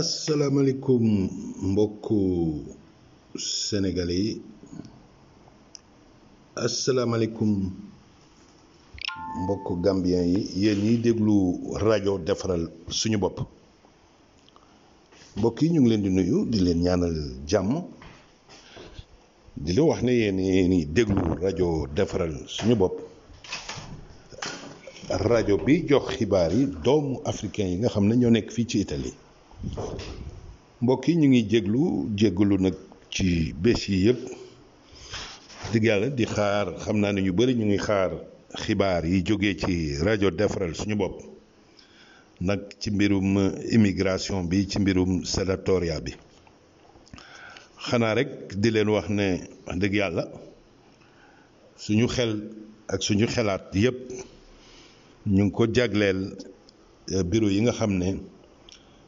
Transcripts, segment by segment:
asalaamaaleykum mbokk sénégalais yi asalaamaaleykum mbokk gambien yi yéen ñiy déglu rajo defaral suñu bopp mbokk yi ñu ngi leen di nuyu di leen ñaanal jàmm di la wax ne yéen ñi déglu rajo defaral suñu bopp rajo bi jox xibaar yi doomu africain yi nga xam ne ñoo nekk fii ci Italie. mbokk yi ñu ngi jéglu jéggalu nag ci bés yi yëpp dëgg yàlla di xaar xam naa ni ñu bari ñu ngi xaar xibaar yi jóge ci rajo defaral suñu bopp nag ci mbirum immigration bi ci mbirum sédatoria bi xanaa rek di leen wax ne wax dëgg yàlla suñu xel ak suñu xelaat yëpp ñu ngi ko jagleel eh, bureau yi nga xam ne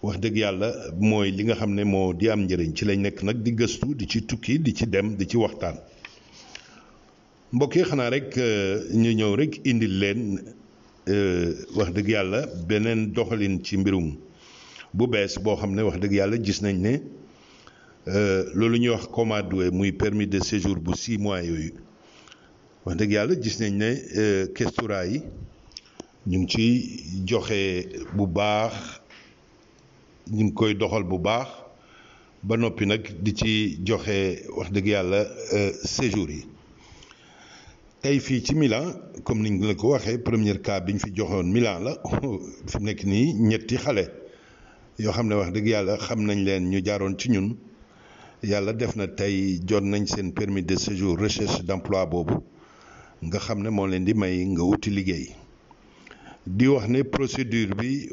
wax dëgg yàlla mooy li nga xam ne moo di am njëriñ ci lañ nekk nag di gëstu di ci tukki di ci dem di ci waxtaan mbokk yi xanaa rek euh, ñu ñëw rek indil leen euh, wax dëgg yàlla beneen doxalin ci mbirum bu bees boo xam ne wax dëgg yàlla gis nañ ne euh, loolu ñuy wax commande muy permis de séjour bu six mois yooyu dëgg yàlla gis nañ ne questura yi ñu ngi ciy joxe bu baax. ñu ngi koy doxal bu baax ba noppi nag di ci joxe wax dëgg yàlla euh, séjour yi tey fii ci Milan comme niñ la ko waxee première cas bi ñu fi joxoon Milan la fi mu nekk nii ñetti xale yoo xam ne wax dëgg yàlla xam nañ leen ñu jaaroon ci ñun yàlla def na tey jot nañ seen permis de séjour recherche d'emploi boobu nga xam ne moo leen di may nga wuti liggéey di wax ne procédure bi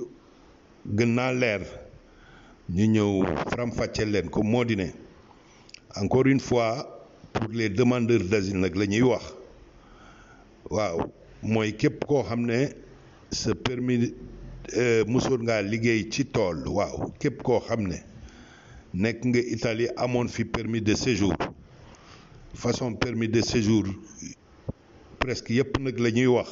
gën naa leer ñu ñëw faram-fàcceel leen ko moo di ne encore une fois pour les demandeurs d'asile nag la ñuy wax waaw mooy képp koo xam ne sa permis euh, musul ngaa liggéey ci tool waaw képp koo xam ne nga Italie amoon fi permis de séjour façon permis de séjour presque yépp nag la ñuy wax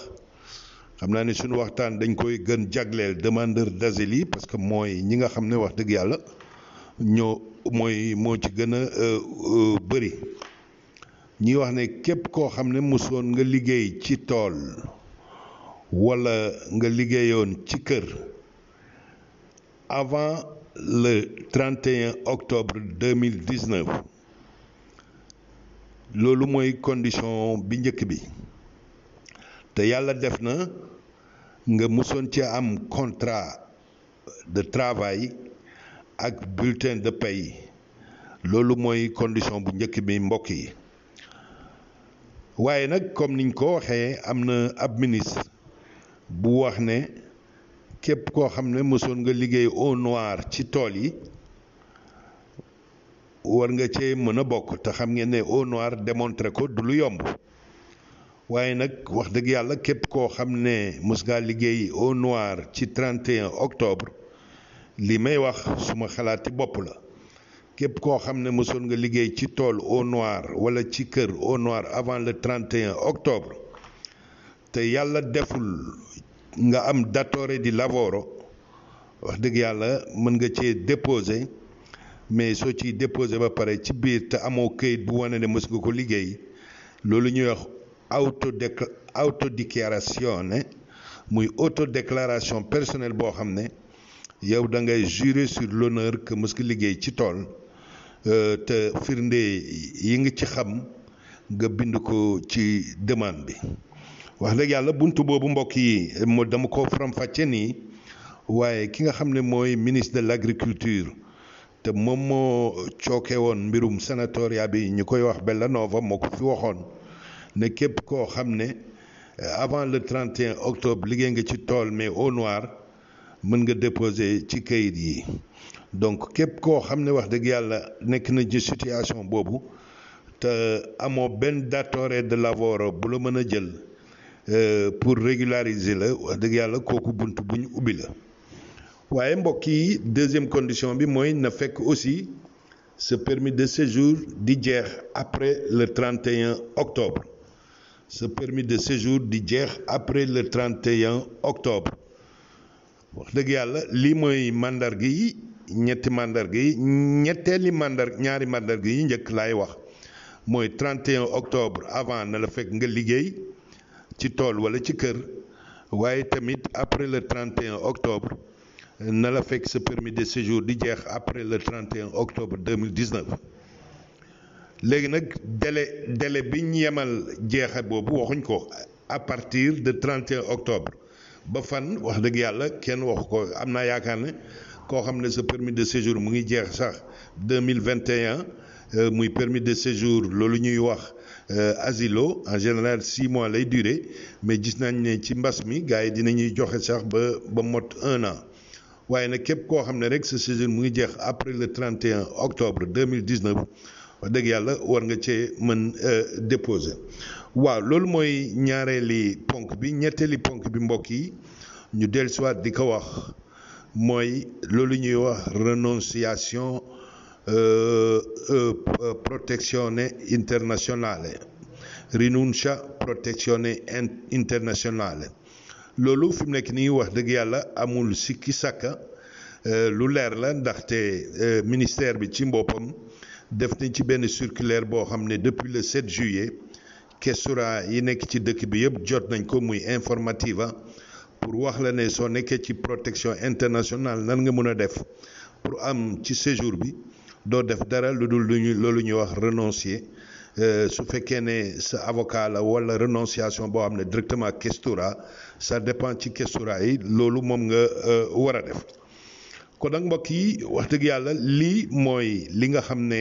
xam naa ne suñu waxtaan dañ koy gën jagleel demandeur d'asile yi parce que mooy ñi nga xam ne wax dëgg yàlla ñoo mooy moo ci gën a euh, euh, bëri ñuy wax ne képp koo xam ne mosoon nga liggéey ci tool walla nga liggéeyoon ci kër avant le 31 octobre 2019 loolu mooy condition bi njëkk bi te yàlla def na nga mësoon ci am contra de travail ak bulletin de paie loolu mooy condition bu njëkk bi mbokk yi waaye nag comme niñ ko waxee am na ab ministre bu wax ne képp koo xam ne mësoon nga liggéey au noir ci tool yi war nga cee mën a bokk te xam ngeen ne au noir démontré ko du lu yomb waaye nag wax dëgg yàlla képp koo xam ne mos ngaa liggéey au noir ci 31 octobre li may wax suma xalaati bopp la képp koo xam ne mësoon nga liggéey ci tool au noir wala ci kër au noir avant le 31 octobre te yàlla deful nga am datore di lavoro wax dëgg yàlla mën nga cee déposé mais soo ciy déposé ba pare ci biir te amoo kayit bu wane ne mës nga ko liggéey loolu ñuy wax autodéclaration muy autodéclaration personnelle bo xamné yow da ngay jurer sur l'honneur que mës nga ci ci euh te firnde yi nga ci xam nga bind ko ci demande bi wax rek yalla buntu bobu mbok yi mo dama ko from fàcce nii ki nga xamné moy ministre de l'agriculture te mom mo cooke woon mbirum ya bi ñu koy wax Bellanova Nova moko fi waxone ne képp koo xam ne euh, avant le 31 octobre liggéey nga ci tool mais au noir mën nga déposer ci kayit yi donc képp koo xam ne wax dëgg yàlla nekk na ci situation boobu te amoo benn datore de lavoro bu la mën a jël euh, pour régulariser la wax dëgg yàlla kooku bunt bu ñu ubbi la waaye mbokk yi deuxième condition bi mooy na fekk aussi ce permis de séjour di jeex après le 31 octobre ce permis de séjour di jeex après le 31 octobre wax deug yalla li moy mandarga yi ñetti mandarga yi ñetteeli mandar ñaari mandarga yi njëkk lay wax moy 31 octobre avant na la fait nga liggey ci titre, wala ci kër tamit après le 31 octobre na la fait ce permis de séjour di jeex après le 31 octobre 2019 léegi nak délai délai bi ñu yemal jeexe bobu waxuñ ko à partir de 31 octobre ba fan wax deug Yalla kenn waxu ko am yaakaar sa permis de séjour mu ngi jéx sax 2021 euh, muy permis de séjour lolu ñuy wax euh, asilo en général six mois lay durer mais gis nañ ne ci mbass mi gaay dinañuy joxe sax ba ba mot un an waaye nak képp koo xam ne rek sa séjour mu ngi jeex après le 31 octobre 2019 wax dëgg yàlla war nga cee mën euh, déposer waaw loolu mooy ñaareeli ponk bi ñetteeli ponk bi mbokk yi ñu dellusiwaat di ko wax mooy loolu ñuy wax renonciation euh, euh, protezione internazionale rinuncia protezione internazionale loolu fi mu nekk ni nii wax dëgg yàlla amul sikki sàkka lu leer la ndaxte ministère bi ci mboppam def nañ ci benn circulaire boo xam ne depuis le 7 juillet questura yi nekk ci dëkk bi yëpp jot nañ ko muy informative pour wax la ne soo nekkee ci protection internationale nan nga mën a def pour am ci séjour bi doo def dara lu dul lu ñu loolu ñuy wax renoncier euh, su fekkee ne sa avocat la wala renonciation boo xam ne directement questura ça dépend ci questura yi loolu moom nga euh, war a def kon nag mbokk yi wax dëgg yàlla lii mooy li nga xam ne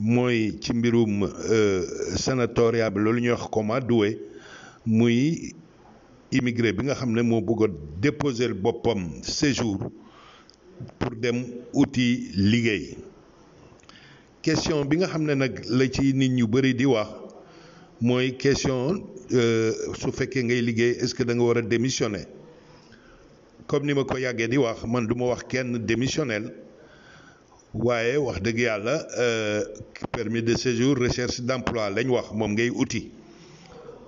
mooy ci mbirum euh, sénatoriat bi loolu ñuy wax coma doué muy immigré bi nga xam ne moo bëgg a déposer boppam séjour pour dem outil liggéey question bi nga xam ne nag la ci nit ñu bëri di wax mooy question euh, su fekkee ngay liggéey est-ce que da nga war a démissionner comme ni ma ko yàggee di wax man duma wax kenn démissionnel waaye wax dëgg yàlla euh, permis de séjour recherche d'emploi lañ wax moom ngay outil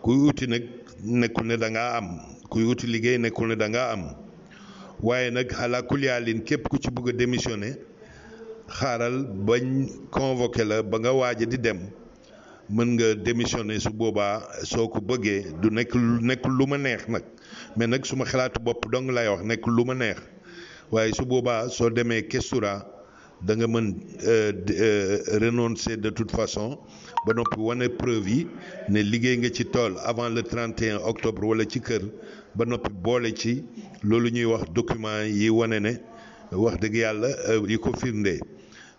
kuy outil nag nekkul ne da ngaa am kuy outil liggéey nekkul ne da ngaa am waaye nag xalaa kuliyaalin képp ku ci bëgg a démissionner xaaral bañ convoqué la ba nga waaj di dem mën nga démissionner su boobaa soo ko bëggee du nekk nekk lu ma neex nag mais nak suma xalaatu bopp dong lay wax nek luma neex waye su boba so demee Kestura da nga mën euh, euh, renoncer de toute façon ba nopi wone preuve yi ne liggéey nga ci tool avant le 31 octobre wala ci kër ba nopi boole ci loolu ñuy wax document yi wone ne wax dëgg yàlla euh, yi ko firndee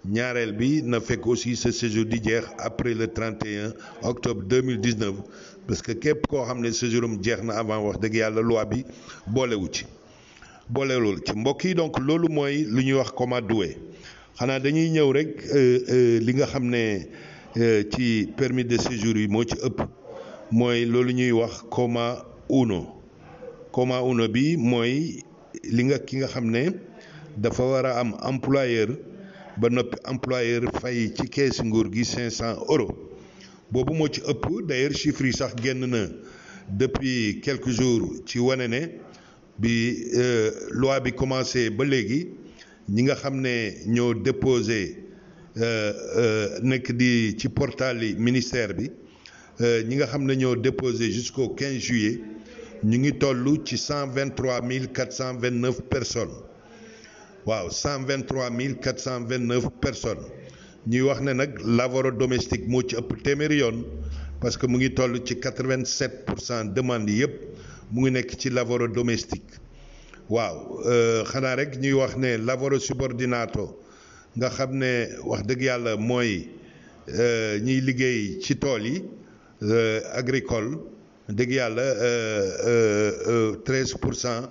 ñaareel bi na fekk aussi ce séjour di jeex après le 31 octobre 2019 parce que képp koo xam ne séjouram jeex na avant wax dëgg yàlla loi bi boolewu ci boolewul ci mbokk yi donc loolu mooy lu ñuy wax coma doué xanaa dañuy ñëw rek euh, euh, li nga xam ne euh, ci permis de séjour yi moo ci ëpp mooy loolu ñuy wax coma uno coma uno bi mooy li nga ki nga xam ne dafa war a am employeur ba noppi employeur fay ci kees nguur gi 500 euros bobu mo ci ëpp d'ailleurs chiffres yi sax depuis quelques jours ci wane ne euh, loi bi commencé ba léegi ñi nga xam ne ñoo déposé euh, euh, nekk di ci portail yi ministère bi déposé jusqu'au 15 juillet ñu ngi 123 429 personnes waaw 123 429 personnes ñuy wax ne nag lavoro domestique moo ci ëpp téeméeri yoon parce que mu ngi toll ci quatre-vingt-sept pour cent demande yi yëpp mu ngi nekk ci lavoro domestique waaw euh, xanaa rek ñuy wax ne lavoro subordinato nga xam ne wax dëgg yàlla mooy euh, ñuy liggéey ci tool yi euh, agricole dëgg yàlla treize pour cent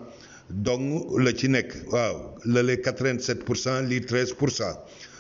dong la ci nekk waaw la les quatre pour cent lii treize pour cent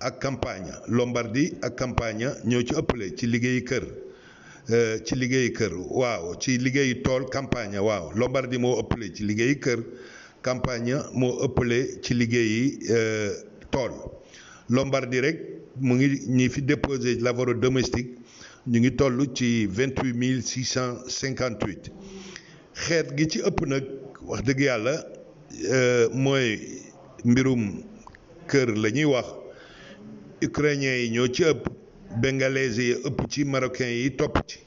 ak campagne Lombardie ak campagne ñoo ci ëppale ci liggéeyu kër euh, ci liggéeyu kër waaw ci liggéeyu tool campagne waaw Lombardie moo ëppale ci liggéeyu kër campagne moo ëppale ci liggéeyi euh, tool Lombardie rek mu ngi ñi fi déposé lavoro domestique ñu ngi toll ci 28658 huit xeet gi ci ëpp nag wax dëgg yàlla euh, mooy mbirum kër la ñuy wax. ukrainien yi ñoo ci ëpp bengalais yi ëpp ci marocain yi topp ci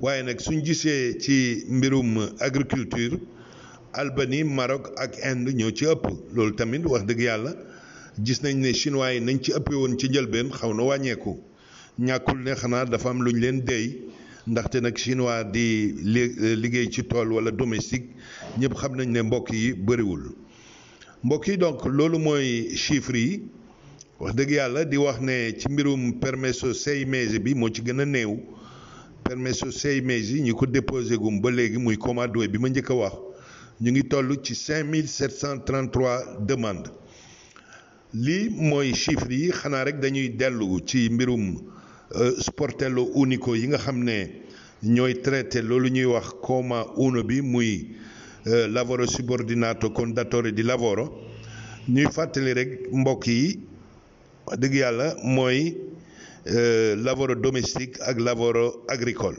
waaye nag suñ gisee ci mbirum agriculture Albanie marok ak Inde ñoo ci ëpp loolu tamit wax dëgg yàlla gis nañ ne chinois yi nañ ci ëppee woon ci njëlbeen xaw na wàññeeku ñàkkul ne xanaa dafa am luñ leen dey ndaxte nag chinois di euh, liggéey ci tool wala domestique ñëpp xam nañ ne mbokk yi bëriwul mbokk donc loolu mooy chiffre yi. wax dëgg yàlla di wax ne ci mbirum permesso sei mesi bi moo ci gën a néew permesso sei yi ñu ko déposé gum ba léegi muy commando bi ma njëkk a wax ñu ngi toll ci cinq mille sept cent trente lii mooy chiffre yi xanaa rek dañuy dellu ci mbirum euh, sportello unico yi nga xam ne ñooy traité loolu ñuy wax coma uno bi muy euh, lavoro subordinato con di lavoro ñuy fàttali rek mbokk yi. wax yàlla mooy euh, lavoro domestique ak lavoro agricole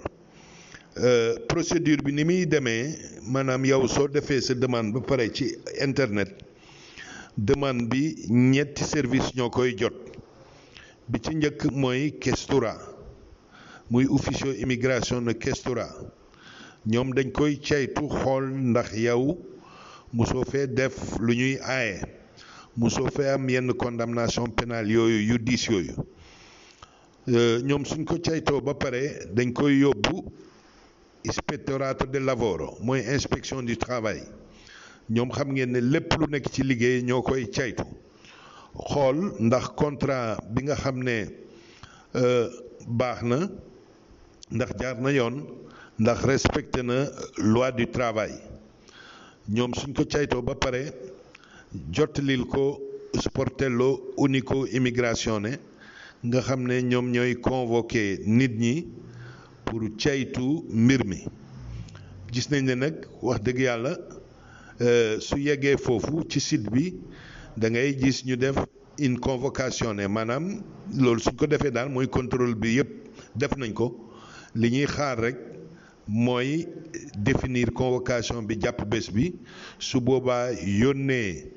euh, procédure bi ni muy demee maanaam yow soo defee sa demande ba pare ci internet demande bi ñetti service ñoo koy jot bi ci njëkk mooy questura muy ufficio immigration na questura ñoom dañ koy caytu xool ndax yow mosoo fee def lu ñuy aaye muso fe am yenn condamnation pénale yooyu yu diis yooyu euh, ñoom suñ ko caytoo ba pare dañ koy yóbbu inspectorato del lavoro mooy inspection du travail ñoom xam ngeen ne lépp lu nekk ci liggéey ñoo koy caytu xool ndax contrat bi nga xam ne euh, baax na ndax jaar na yoon ndax respecté na loi du travail ñoom suñ ko caytoo ba pare jottalil ko sportello unico ne nga xam ne ñoom ñooy convoqué nit ñi pour caytu mbir mi gis nañ ne nag wax dëgg yàlla euh, su yeggee foofu ci site bi da ngay gis ñu def une convocation ne maanaam loolu suñ ko defee daal mooy contrôle bi yëpp def nañ ko li ñuy xaar rek mooy définir convocation bi jàpp bés bi su boobaa yónnee.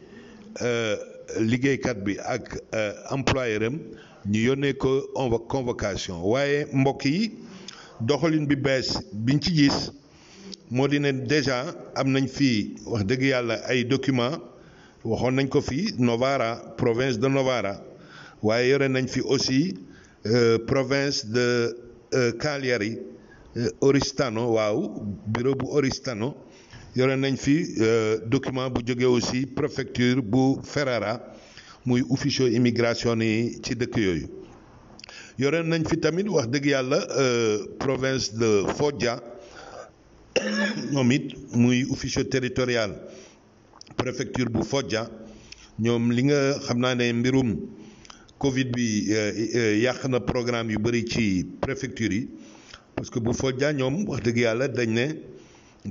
Euh, liggéeykat bi ak euh, employeur am ñu yónnee ko on convocation waaye mbokk yi doxalin bi bees biñ ci gis moo di ne déjà am nañ fi wax dëgg yàlla ay document waxoon nañ ko fii Novara province de Novara waaye yore nañ fi aussi euh, province de Cagliari Oristano waaw bureau bu Oristano yore nañ fi euh, document bu jóge aussi préfecture bu Ferrara muy officiaux immigration yi ci dëkk yooyu yore nañ fi tamit wax dëgg yàlla euh, province de Foggia ñoom it muy officiaux territorial préfecture bu Foggia ñoom li nga xam naa ne mbirum Covid bi euh, yàq na programme yu bëri ci préfecture yi parce que bu Foggia ñoom wax dëgg yàlla dañ ne.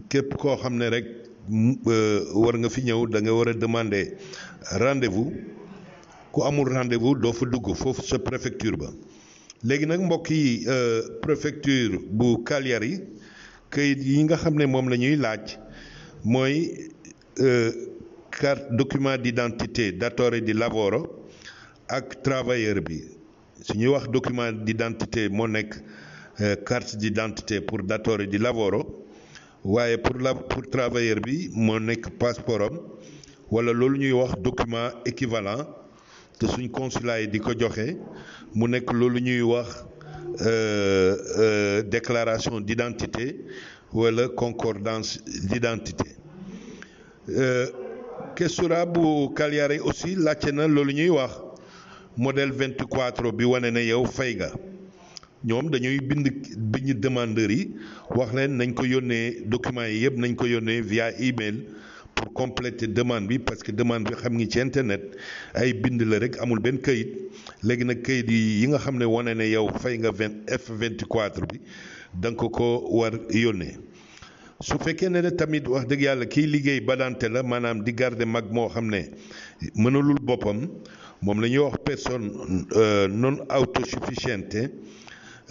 képp koo xam ne rek mm, euh, war nga fi ñëw da nga war a demander rendez-vous ku amul rendez-vous doo fa dugg foofu sa préfecture ba léegi nag mbokk yi euh, préfecture bu yi kayit yi nga xam ne moom la ñuy laaj mooy euh, carte document d'identité datore di lavoro ak travailleur bi su ñuy wax document d'identité moo nekk di d'identité pour datore di lavoro waaye pour la pour travailleur bi moo nekk passeport am wala loolu ñuy wax document équivalent te suñ consulat yi di ko joxe mu nekk loolu ñuy wax euh, euh, déclaration d'identité wala concordance d'identité questura euh, bu Cagliari aussi laajte na loolu ñuy wax modèle 24 bi wane na yow fay nga ñoom dañuy bind biñu demandeurs yi wax leen nañ ko yónnee documents yi yëpp nañ ko yónnee via email pour compléter demande bi parce que demande bi xam ngi ci internet ay bind la rek amul benn kayit léegi nag kayit yi yi nga xam ne wane ne yow fay nga vingt F24 bi da ko war yónnee su fekkee ne tamit wax dëgg yàlla kiy liggéey balante la maanaam di garder mag moo xam ne mënalul boppam moom la ñuy wax personne euh, non autosuffisante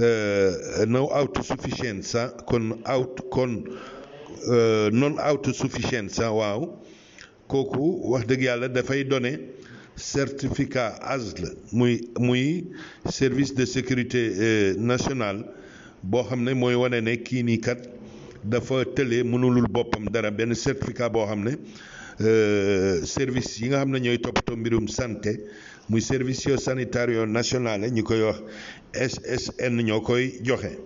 Euh, na sa kon out kon euh, non autosuffisance waaw kooku wax dëgg yàlla dafay donné certificat ASL muy muy service de sécurité euh, nationale boo xam ne mooy wane ne kii nii kat dafa tële mënulul boppam dara benn certificat boo xam ne service yi nga xam ne ñooy toppatoo mbirum santé muy servicio sanitario nationale eh, ñi koy wax SSN ñoo koy joxe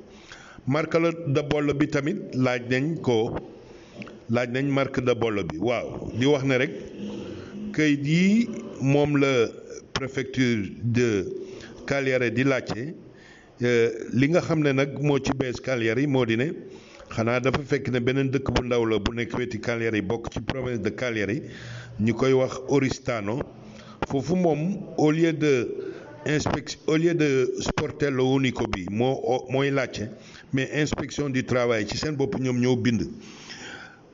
marque de bollo bi tamit laaj nañ ko laaj nañ marque de bollo bi waaw di wax ne rek këyit yi moom la préfecture de Calière di laajte eh, li nga xam ne nag moo ci bees Calière yi moo di ne xanaa dafa fekk ne beneen dëkk bu ndaw la bu nekk weti Calière yi bokk ci province de Calière yi ñu koy wax Oristano foofu moom au lieu de inspection au lieu de porter le unico bi moo mooy laajte mais inspection du travail ci seen bopp ñoom ñoo bind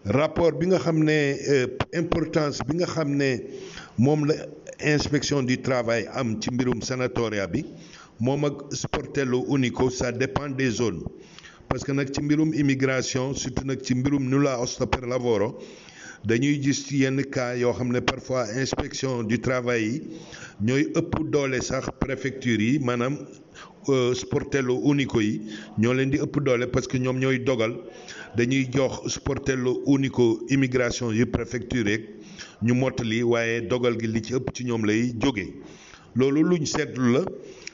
rapport bi nga xam ne euh, importance bi nga xam ne moom la inspection du travail am ci mbirum sanatoria bi moom ak sportello unico ça dépend des zones parce que nag ci mbirum immigration surtout nag ci mbirum nulla osta per lavoro dañuy gis yenn cas yoo xam ne parfois inspection du travail yi ñooy ëpp doole sax préfecture yi maanaam euh, sportello unico yi ñoo leen di ëpp doole parce que ñoom ñooy dogal dañuy jox sportello unico immigration yi préfecture rek ñu mottali waaye dogal gi li ci ëpp ci ñoom lay jóge loolu luñ seetlu la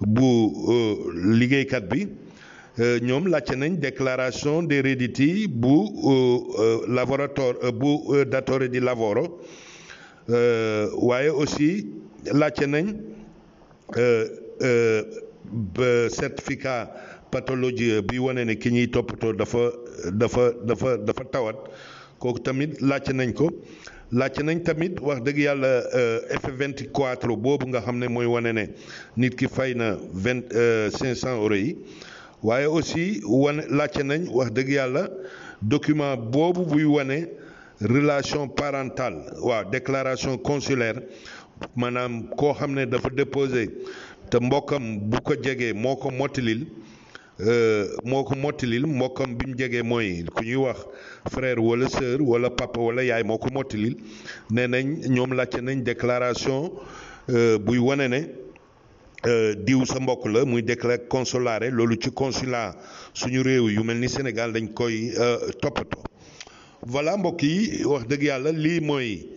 bu euh, liggéeykat bi euh, ñoom laajte nañ déclaration des redditi bu euh, laboratoire bu datore di lavoro waaye aussi laajte nañ certificat pathologie bi wane ne ki ñuy toppatoo dafa dafa dafa dafa tawat kooku tamit laajte nañ ko laajte nañ tamit wax dëgg yàlla euh, F24 boobu nga xam ne mooy wane ne nit ki fay na vingt euh, cinq cent euros yi waaye aussi wane laajte nañ wax dëgg yàlla document boobu buy wane relation parentale waaw déclaration consulaire maanaam koo xam ne dafa déposé te mbokam bu ko jegee moo ko mottilil Euh, moo ko mottilil mbokkam bi mu jegee mooy ku ñuy wax frère wala sœur wala papa wala yaay moo ko mottilil nee nañ ñoom laajte nañ déclaration euh, buy wane ne euh, diw sa mbokk la muy déclaré consolare loolu ci consulat suñu réew yu mel ni Sénégal dañ koy toppatoo voilà mbokk yi wax dëgg yàlla lii mooy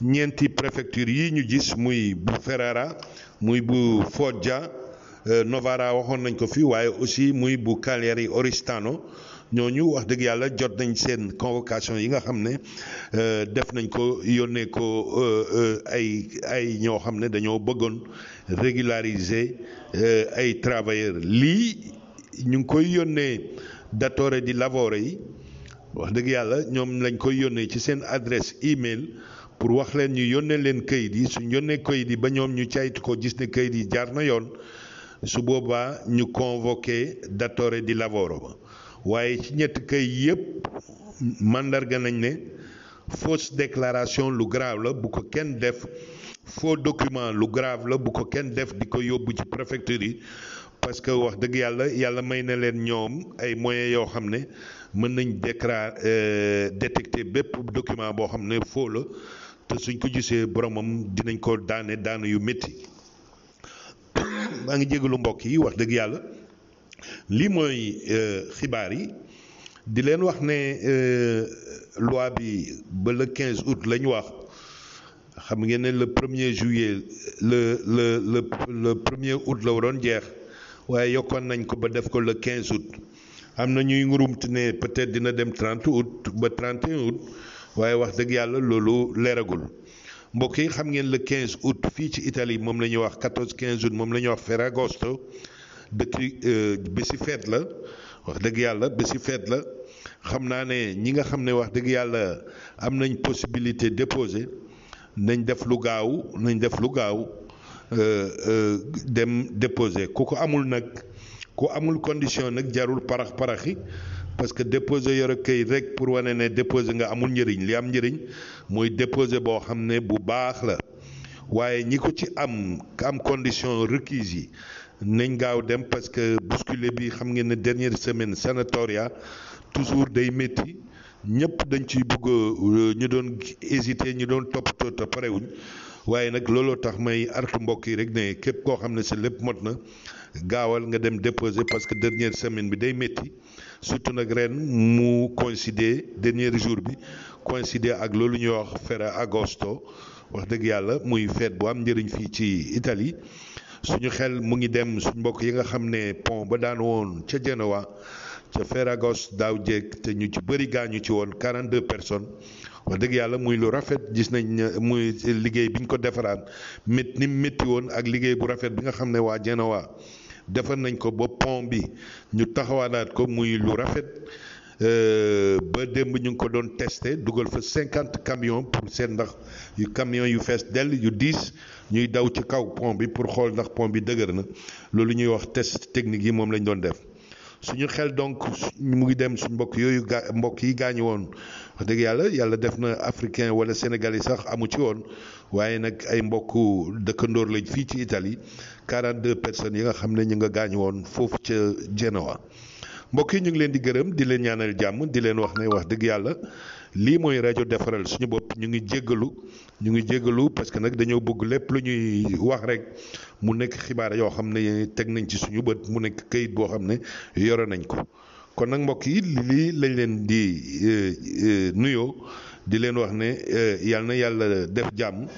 ñeenti préfecture yi ñu gis muy bu Ferrara muy bu Foggia Euh, Novara waxoon nañ ko fii waaye aussi muy bu yi Oristano ñoo ñu wax dëgg yàlla jot nañ seen convocation yi nga xam ne euh, def nañ ko yónnee ko euh, ay ay ñoo xam ne dañoo bëggoon régulariser ay travailleurs lii ñu ngi koy yónnee datore di labore yi wax dëgg yàlla ñoom lañ koy yónnee ci seen adresse e-mail pour wax leen ñu yónnee leen kayit yi suñ yónnee kayit yi ba ñoom ñu caytu ko gis ne kayit yi jaar na yoon su boobaa ñu convoqué datore di lavoro ba waaye ci ñetti kay yépp màndarga nañ ne fausse déclaration lu grave la bu ko kenn def faux document lu grave la bu ko kenn def di ko yóbbu ci préfecture yi parce que wax dëgg yàlla yàlla may na leen ñoom ay moyens yoo xam ne mën nañ déclarer euh, détecter bépp document boo xam ne faux la te suñ ko gisee boromam dinañ ko daane daane yu métti. maa ngi jégalu mbokk yi wax dëgg yàlla li mooy euh, xibaar yi di leen wax ne euh, loi bi ba le 15 août lañ wax xam ngeen ne le premier juillet le le le le premier août la waroon jeex waaye yokkoon nañ ko ba def ko le 15 août am na ñuy ngurumte ne peut-être dina dem 30 août ba 31 août waaye wax dëgg yàlla loolu leeragul. mbokk yi xam ngeen le 15 août fii ci Italie moom la ñuy wax 14 15 août moom la ñuy wax Ferragosto dëkk bi si feet la wax dëgg yàlla ba si feet la xam naa ne ñi nga xam ne wax dëgg yàlla am nañ possibilité déposer nañ def lu gaaw nañ def lu gaaw euh, euh, dem déposer ku ko amul nag ku amul condition nag jarul parax paraxi parce que déposé yore këyit rek pour wane ne déposé nga amul njëriñ li am njëriñ mooy déposé boo xam ne bu baax la waaye ñi ko ci am am condition requise yi nañ gaaw dem parce que bousculé bi xam ngeen ne dernière semaine sanatoria toujours day métti ñëpp dañ ciy bëgg euh, ñu doon hésité ñu doon toppatoo te parewuñ waaye nag looloo tax may artu mbokk yi rek ne képp koo xam ne sa lépp mot na gaawal nga dem déposer parce que dernière semaine bi day métti surtout nag ren mu coïncider dernier jour bi coïncider ak loolu ñuy wax agosto wax dëgg yàlla muy fête bu am njëriñ fii ci Italie suñu xel mu ngi dem suñ mbokk yi nga xam ne pont ba daan woon ca Genoa ca Ferragosto daaw jéeg te ñu ci bëri gaañu ci woon de personnes wax dëgg yàlla muy lu rafet gis nañ muy liggéey bi ñu ko defaraat mét ni métti woon ak liggéey bu rafet bi nga xam ne waa Genoa defar nañ ko ba pont bi ñu taxawaanaat ko muy lu rafet euh, ba démb ñu ngi ko doon testé dugal fa 50 camions pour seet ndax yu camions yu fees dell yu diis ñuy daw ci kaw pont bi pour xool ndax pont bi dëgër na loolu ñuy wax test technique yi moom lañ doon def. suñu xel donc mu ngi dem suñ mbokk yooyu ga mbokk yi gaañu woon wax dëgg yàlla yàlla def na africain wala sénégal sénégalais sax amu ci woon waaye nag ay mbokk dëkkandoor lañ fii ci Italie 42 personnes yi nga xam ne ñu nga gaañu woon foofu ca Genoa mbokk yi ñu ngi leen di gërëm di leen ñaanal jàmm di leen wax ne wax dëgg yàlla. lii mooy rajo defaral suñu bopp ñu ngi jéggalu ñu ngi jéggalu parce que nag dañoo bëgg lépp lu ñuy wax rek mu nekk xibaar yoo xam ne teg nañ ci suñu bët mu nekk kayit boo xam ne yore nañ ko kon nag mbokk yi lii lañ leen di euh, euh, nuyoo di leen wax ne euh, yàlla na yàlla def jàmm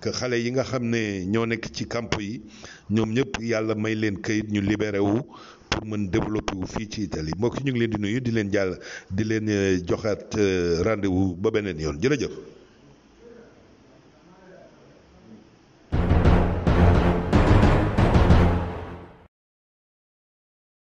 que xale yi nga xam ne ñoo nekk ci camp yi ñoom ñëpp yàlla may leen kayit ñu libéré pour man développer wu fii ci Italie mbokk ñu ngi leen di nuyu di leen di leen euh, joxaat euh, rendez-vous ba beneen yoon jërëjëf.